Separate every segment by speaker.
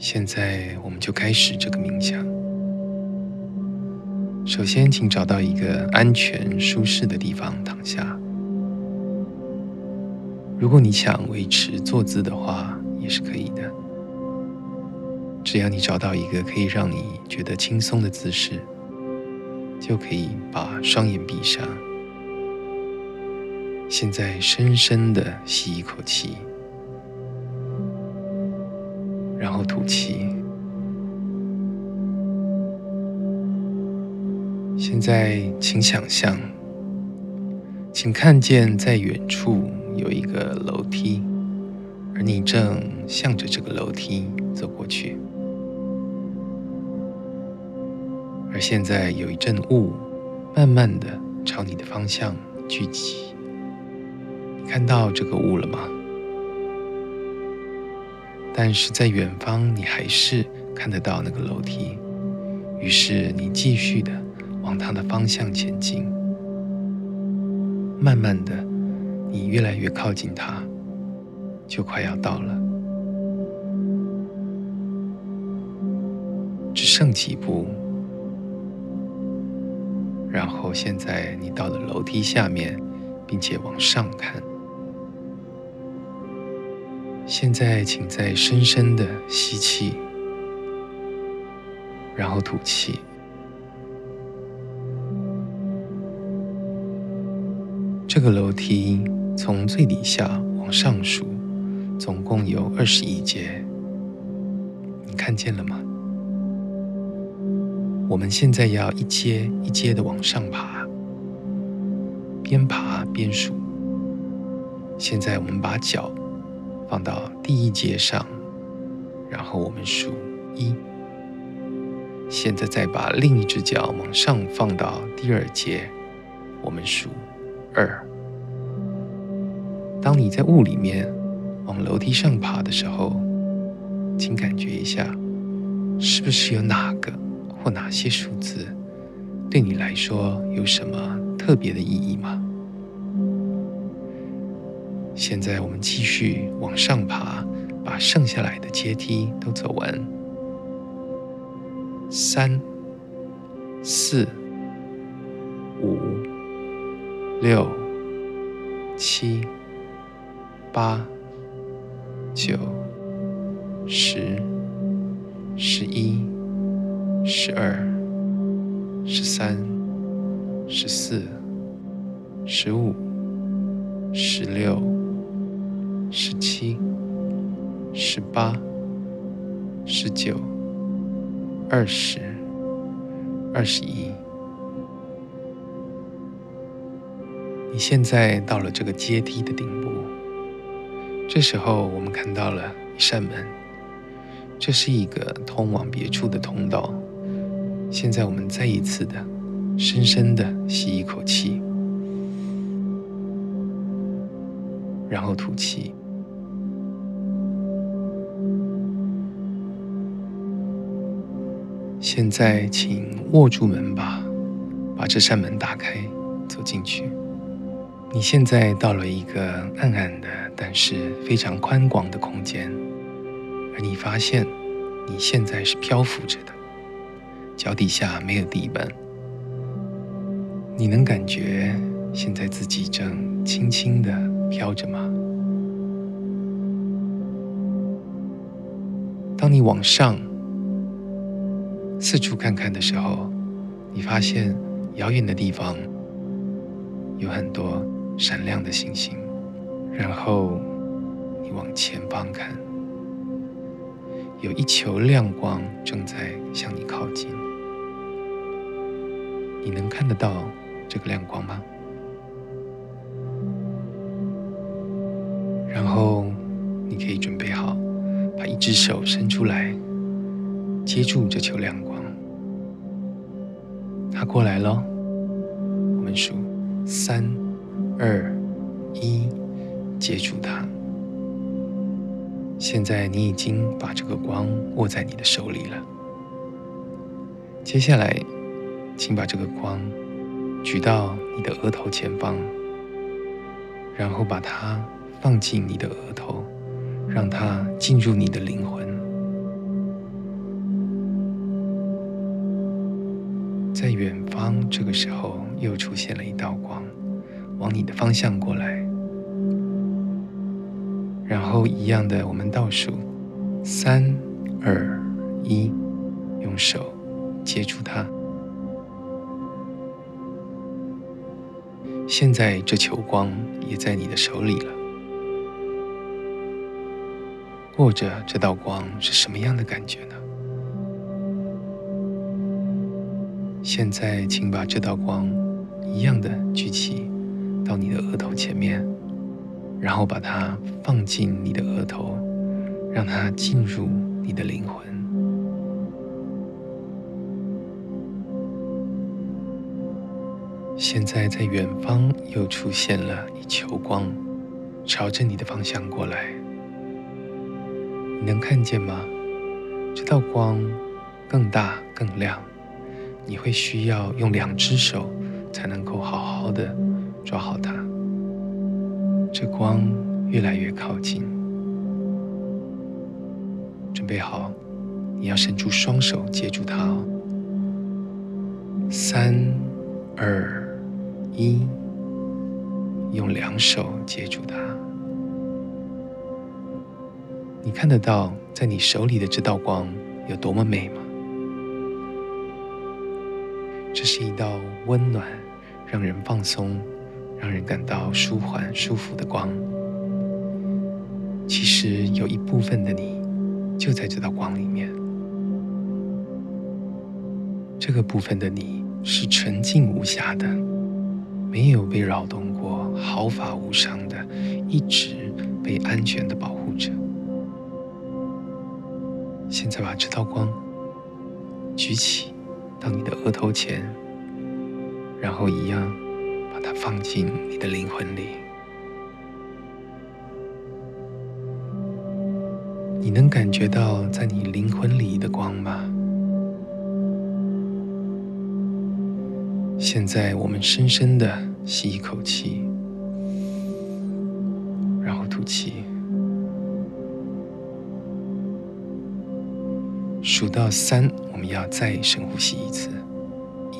Speaker 1: 現在我們就開始這個冥想。首先，請找到一個安全、舒適的地方躺下。如果你想維持坐姿的話，也是可以的。只要你找到一個可以讓你覺得輕鬆的姿勢，就可以把雙眼閉上。現在，深深的吸一口氣。然後吐氣。現在，請想象，請看見在遠處有一個樓梯，而你正向着這個樓梯走過去。而現在有一陣霧，慢慢的朝你的方向聚集。你看到這個霧了嗎？但是在遠方，你還是看得到那個樓梯。於是你繼續的往它的方向前進。慢慢的，你越來越靠近它，就快要到了，只剩幾步。然後現在你到了樓梯下面，並且往上看。現在，請再深深的吸氣，然後吐氣。這個樓梯從最底下往上數，總共有二十一階。你看見了嗎？我們現在要一階一階的往上爬，邊爬邊數。現在我們把腳。放到第一階上，然後我們數一。現在再把另一隻腳往上放到第二階，我們數二。當你在霧裡面往樓梯上爬的時候，請感覺一下，是不是有哪個或哪些數字對你來說有什麼特別的意義嗎？現在我們繼續往上爬，把剩下來的階梯都走完。三、四、五、六、七、八、九、十、十一、十二、十三、十四、十五、十六。十七、十八、十九、二十、二十一，你現在到了這個階梯的頂部。這時候，我們看到了一扇門，這是一個通往別處的通道。現在，我們再一次的深深的吸一口氣，然後吐氣。現在，請握住門把，把這扇門打開，走進去。你現在到了一個暗暗的，但是非常寬廣的空間，而你發現你現在是漂浮着的，腳底下沒有地板。你能感覺現在自己正輕輕的飄着嗎？當你往上，四處看看的時候，你發現遙遠的地方有很多閃亮的星星。然後你往前方看，有一球亮光正在向你靠近。你能看得到這個亮光嗎？然後你可以準備好，把一只手伸出來，接住這球亮光。過來嘍，我們數三、二、一，接住它。現在你已經把這個光握在你的手裡了。接下來，請把這個光舉到你的額頭前方，然後把它放進你的額頭，讓它進入你的靈魂。在遠方，這個時候又出現了一道光，往你的方向過來。然後一樣的，我們倒數三、二、一，用手接住它。現在這球光也在你的手裡了。握著這道光是什麼樣的感覺呢？現在，請把這道光一樣的舉起，到你的額頭前面，然後把它放進你的額頭，讓它進入你的靈魂。現在，在遠方又出現了一球光，朝着你的方向過來，你能看見嗎？這道光更大更亮。你會需要用兩隻手才能夠好好的抓好它。這光越來越靠近，準備好，你要伸出雙手接住它哦。三、二、一，用兩手接住它。你看得到在你手裡的這道光有多麼美嗎？這是一道溫暖、讓人放鬆、讓人感到舒緩、舒服的光。其實有一部分的你，就在這道光裡面。這個部分的你是純淨無瑕的，沒有被擾動過，毫髮無傷的，一直被安全的保護着。現在把這道光舉起。到你的額頭前，然後一樣把它放進你的靈魂裡。你能感覺到在你靈魂裡的光嗎？現在我們深深的吸一口氣，然後吐氣。數到三，我們要再深呼吸一次。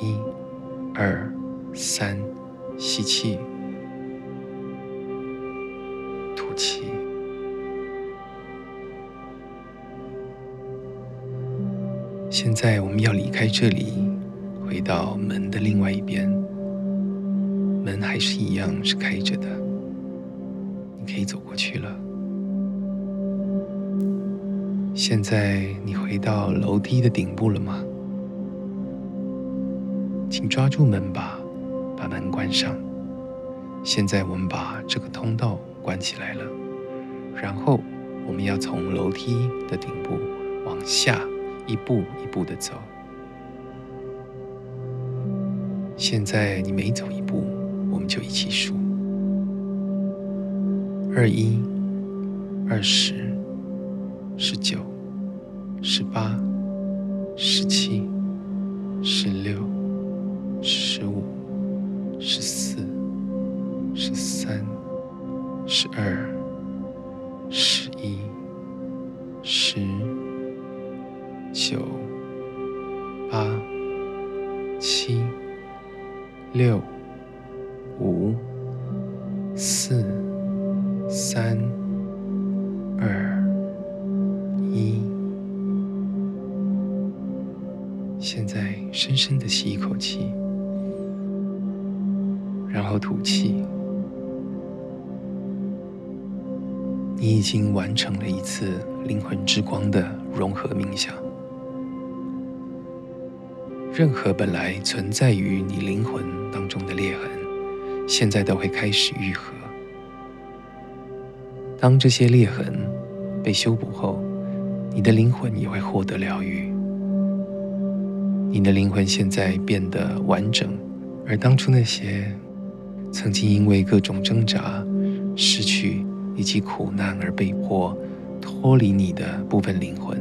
Speaker 1: 一、二、三，吸氣，吐氣。現在我們要離開這裡，回到門的另外一邊。門還是一樣是開着的，你可以走過去了。現在你回到樓梯的頂部了嗎？請抓住門把，把門關上。現在我們把這個通道關起來了，然後我們要從樓梯的頂部往下一步一步地走。現在你每走一步，我們就一起數：二一，二十。十九，十八，十七，十六，十五，十四，十三，十二，十一，十，九，八，七，六，五，四，三，二。現在，深深的吸一口氣，然後吐氣。你已經完成了一次靈魂之光的融合冥想。任何本來存在於你靈魂當中的裂痕，現在都會開始癒合。當這些裂痕被修補後，你的靈魂也會獲得療癒。你的靈魂現在變得完整，而當初那些曾經因為各種掙扎、失去以及苦難而被迫脫離你的部分靈魂，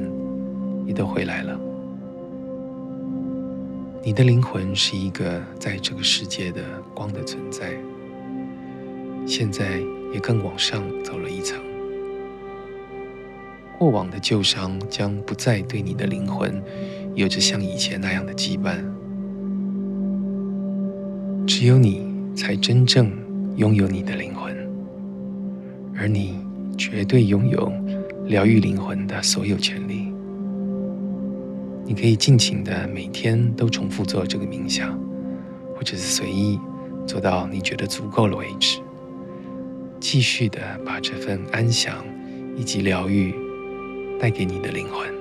Speaker 1: 也都回來了。你的靈魂是一個在這個世界的光的存在，現在也更往上走了一層。過往的舊傷將不再對你的靈魂，有着像以前那樣的羈絆，只有你才真正擁有你的靈魂，而你絕對擁有療癒靈魂的所有權利。你可以盡情的每天都重複做這個冥想，或者是隨意做到你覺得足夠了為止，繼續的把這份安詳以及療癒帶給你的靈魂。